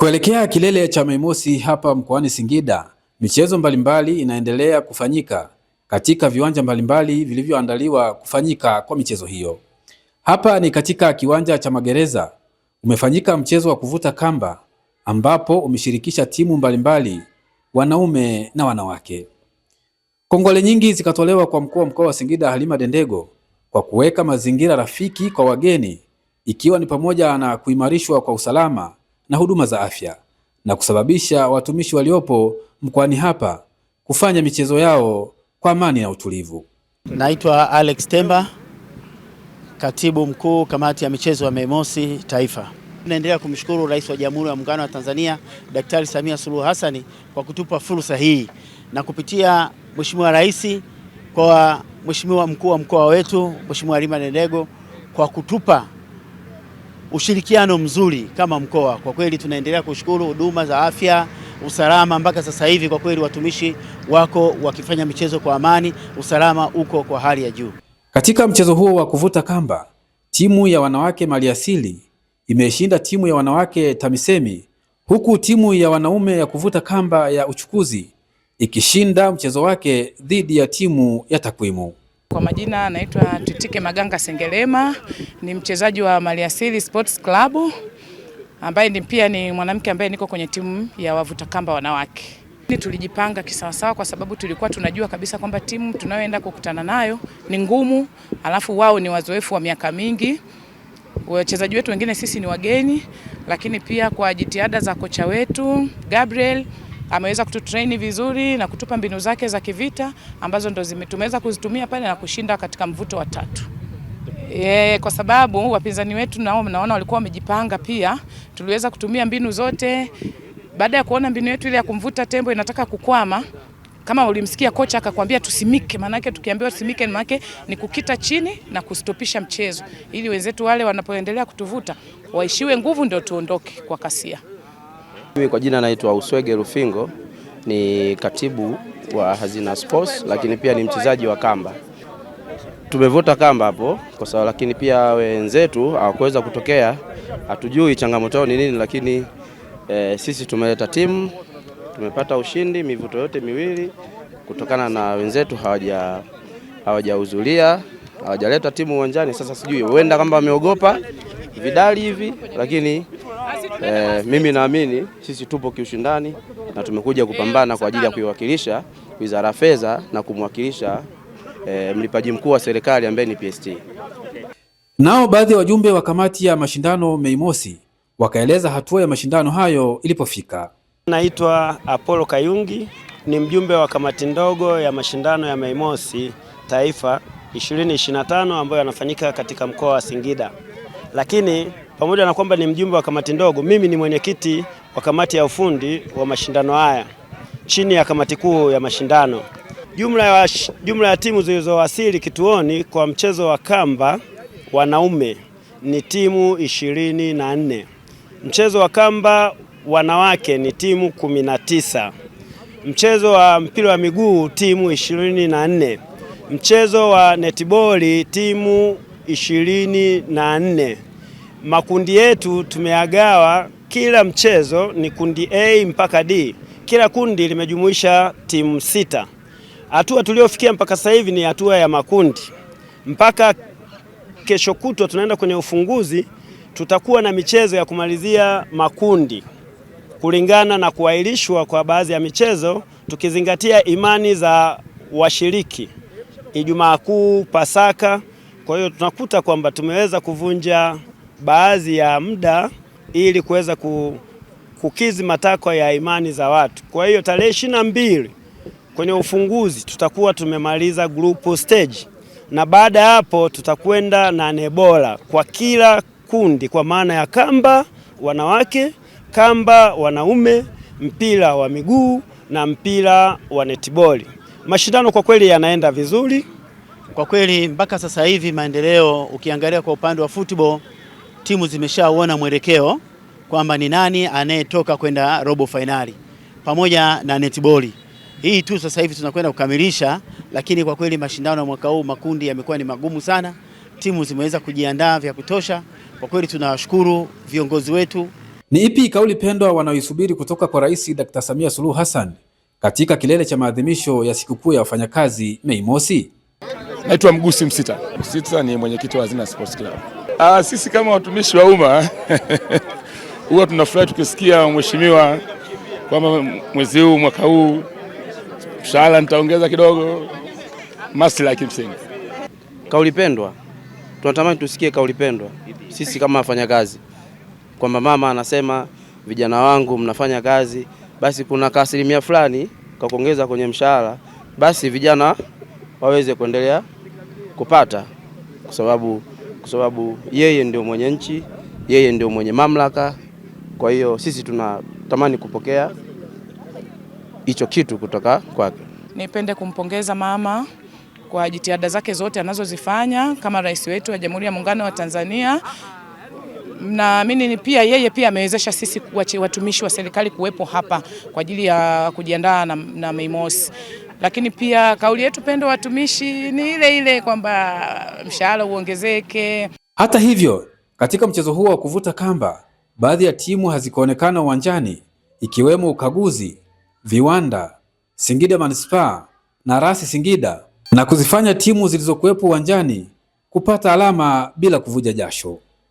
Kuelekea kilele cha Mei Mosi hapa mkoani Singida, michezo mbalimbali inaendelea kufanyika katika viwanja mbalimbali vilivyoandaliwa kufanyika kwa michezo hiyo. Hapa ni katika kiwanja cha Magereza, umefanyika mchezo wa kuvuta kamba ambapo umeshirikisha timu mbalimbali wanaume na wanawake. Kongole nyingi zikatolewa kwa mkuu wa mkoa wa Singida Halima Dendego kwa kuweka mazingira rafiki kwa wageni ikiwa ni pamoja na kuimarishwa kwa usalama na huduma za afya na kusababisha watumishi waliopo mkoani hapa kufanya michezo yao kwa amani na utulivu. Naitwa Alex Temba, katibu mkuu kamati ya michezo ya Mei Mosi Taifa. Tunaendelea kumshukuru Rais wa Jamhuri ya Muungano wa Tanzania Daktari Samia Suluhu Hassan kwa kutupa fursa hii na kupitia Mheshimiwa Rais kwa Mheshimiwa mkuu wa mkoa wetu Mheshimiwa Halima Dendego kwa kutupa ushirikiano mzuri kama mkoa. Kwa kweli tunaendelea kushukuru huduma za afya, usalama mpaka sasa hivi, kwa kweli watumishi wako wakifanya michezo kwa amani, usalama uko kwa hali ya juu. Katika mchezo huo wa kuvuta kamba, timu ya wanawake maliasili imeshinda timu ya wanawake TAMISEMI huku timu ya wanaume ya kuvuta kamba ya uchukuzi ikishinda mchezo wake dhidi ya timu ya takwimu. Kwa majina anaitwa Titike Maganga Sengelema, ni mchezaji wa Maliasili Sports Club ambaye ni pia ni mwanamke ambaye niko kwenye timu ya wavuta kamba wanawake. Tulijipanga kisawasawa kwa sababu tulikuwa tunajua kabisa kwamba timu tunayoenda kukutana nayo ni ngumu, alafu wao ni wazoefu wa miaka mingi, wachezaji wetu wengine sisi ni wageni, lakini pia kwa jitihada za kocha wetu Gabriel ameweza kututrain vizuri na kutupa mbinu zake za kivita ambazo ndo tumeweza kuzitumia pale na kushinda katika mvuto wa tatu. E, kwa sababu wapinzani wetu nao naona walikuwa wamejipanga pia, tuliweza kutumia mbinu zote. Baada ya kuona mbinu yetu ile ya kumvuta tembo inataka kukwama, kama ulimsikia kocha akakwambia tusimike, maanake tukiambiwa tusimike, maanake ni kukita chini na kustopisha mchezo, ili wenzetu wale wanapoendelea kutuvuta waishiwe nguvu, ndio tuondoke kwa kasia. Mimi kwa jina naitwa Uswege Rufingo, ni katibu wa Hazina Sports, lakini pia ni mchezaji wa kamba. Tumevuta kamba hapo kwa sababu, lakini pia wenzetu hawakuweza kutokea, hatujui changamoto ni nini, lakini e, sisi tumeleta timu, tumepata ushindi mivuto yote miwili, kutokana na wenzetu hawaja hawajahudhuria hawajaleta timu uwanjani. Sasa sijui huenda kamba wameogopa vidali hivi, lakini Eh, mimi naamini sisi tupo kiushindani na tumekuja kupambana kwa ajili ya kuiwakilisha Wizara ya Fedha na kumwakilisha eh, mlipaji mkuu wa serikali ambaye ni PST. Nao baadhi ya wajumbe wa kamati ya mashindano Mei Mosi wakaeleza hatua ya mashindano hayo ilipofika. Naitwa Apollo Kayungi, ni mjumbe wa kamati ndogo ya mashindano ya Mei Mosi Taifa 2025 ambayo yanafanyika katika mkoa wa Singida. Lakini pamoja na kwamba ni mjumbe wa kamati ndogo, mimi ni mwenyekiti wa kamati ya ufundi wa mashindano haya chini ya kamati kuu ya mashindano. Jumla ya, jumla ya timu zilizowasili kituoni kwa mchezo wa kamba wanaume ni timu ishirini na nne. Mchezo wa kamba wanawake ni timu kumi na tisa. Mchezo wa mpira wa miguu timu ishirini na nne. Mchezo wa netiboli timu ishirini na nne makundi yetu tumeagawa, kila mchezo ni kundi A mpaka D. Kila kundi limejumuisha timu sita. Hatua tuliofikia mpaka sasa hivi ni hatua ya makundi. Mpaka kesho kutwa tunaenda kwenye ufunguzi, tutakuwa na michezo ya kumalizia makundi kulingana na kuahirishwa kwa baadhi ya michezo, tukizingatia imani za washiriki, Ijumaa Kuu, Pasaka. Kwa hiyo tunakuta kwamba tumeweza kuvunja baadhi ya muda ili kuweza kukizi matakwa ya imani za watu. Kwa hiyo tarehe ishirini na mbili kwenye ufunguzi tutakuwa tumemaliza group stage, na baada ya hapo tutakwenda na nebola kwa kila kundi, kwa maana ya kamba wanawake, kamba wanaume, mpira wa miguu na mpira wa netiboli. Mashindano kwa kweli yanaenda vizuri kwa kweli mpaka sasa hivi maendeleo, ukiangalia kwa upande wa football timu zimeshaona mwelekeo kwamba ni nani anayetoka kwenda robo fainali pamoja na netiboli hii tu sasa hivi tunakwenda kukamilisha, lakini kwa kweli mashindano ya mwaka huu makundi yamekuwa ni magumu sana. Timu zimeweza kujiandaa vya kutosha, kwa kweli tunawashukuru viongozi wetu. Ni ipi kauli pendwa wanaoisubiri kutoka kwa Rais Dr. Samia Suluhu Hassan katika kilele cha maadhimisho ya sikukuu ya wafanyakazi Mei Mosi? Naitwa Mgusi Msita. Msita ni mwenyekiti wa Hazina Sports Club. Ah, sisi kama watumishi wa umma huwa tunafurahi tukisikia mheshimiwa kwamba mwezi huu mwaka huu mshahara nitaongeza kidogo, maslahi kimsingi. Kauli pendwa, tunatamani tusikie kauli pendwa sisi kama wafanyakazi, kwamba mama anasema vijana wangu mnafanya kazi, basi kuna kaasilimia fulani kwa kuongeza kwenye mshahara, basi vijana waweze kuendelea kupata kwa sababu kwa sababu yeye ndio mwenye nchi, yeye ndio mwenye mamlaka. Kwa hiyo sisi tunatamani kupokea hicho kitu kutoka kwake. Nipende kumpongeza mama kwa jitihada zake zote anazozifanya kama rais wetu wa Jamhuri ya Muungano wa Tanzania. Naamini pia yeye pia amewezesha sisi watumishi wa serikali kuwepo hapa kwa ajili ya kujiandaa na, na Mei Mosi. Lakini pia kauli yetu pendo watumishi ni ile ile kwamba mshahara uongezeke. Hata hivyo, katika mchezo huo wa kuvuta kamba, baadhi ya timu hazikuonekana uwanjani ikiwemo Ukaguzi, Viwanda, Singida Manispaa na Rasi Singida na kuzifanya timu zilizokuwepo uwanjani kupata alama bila kuvuja jasho.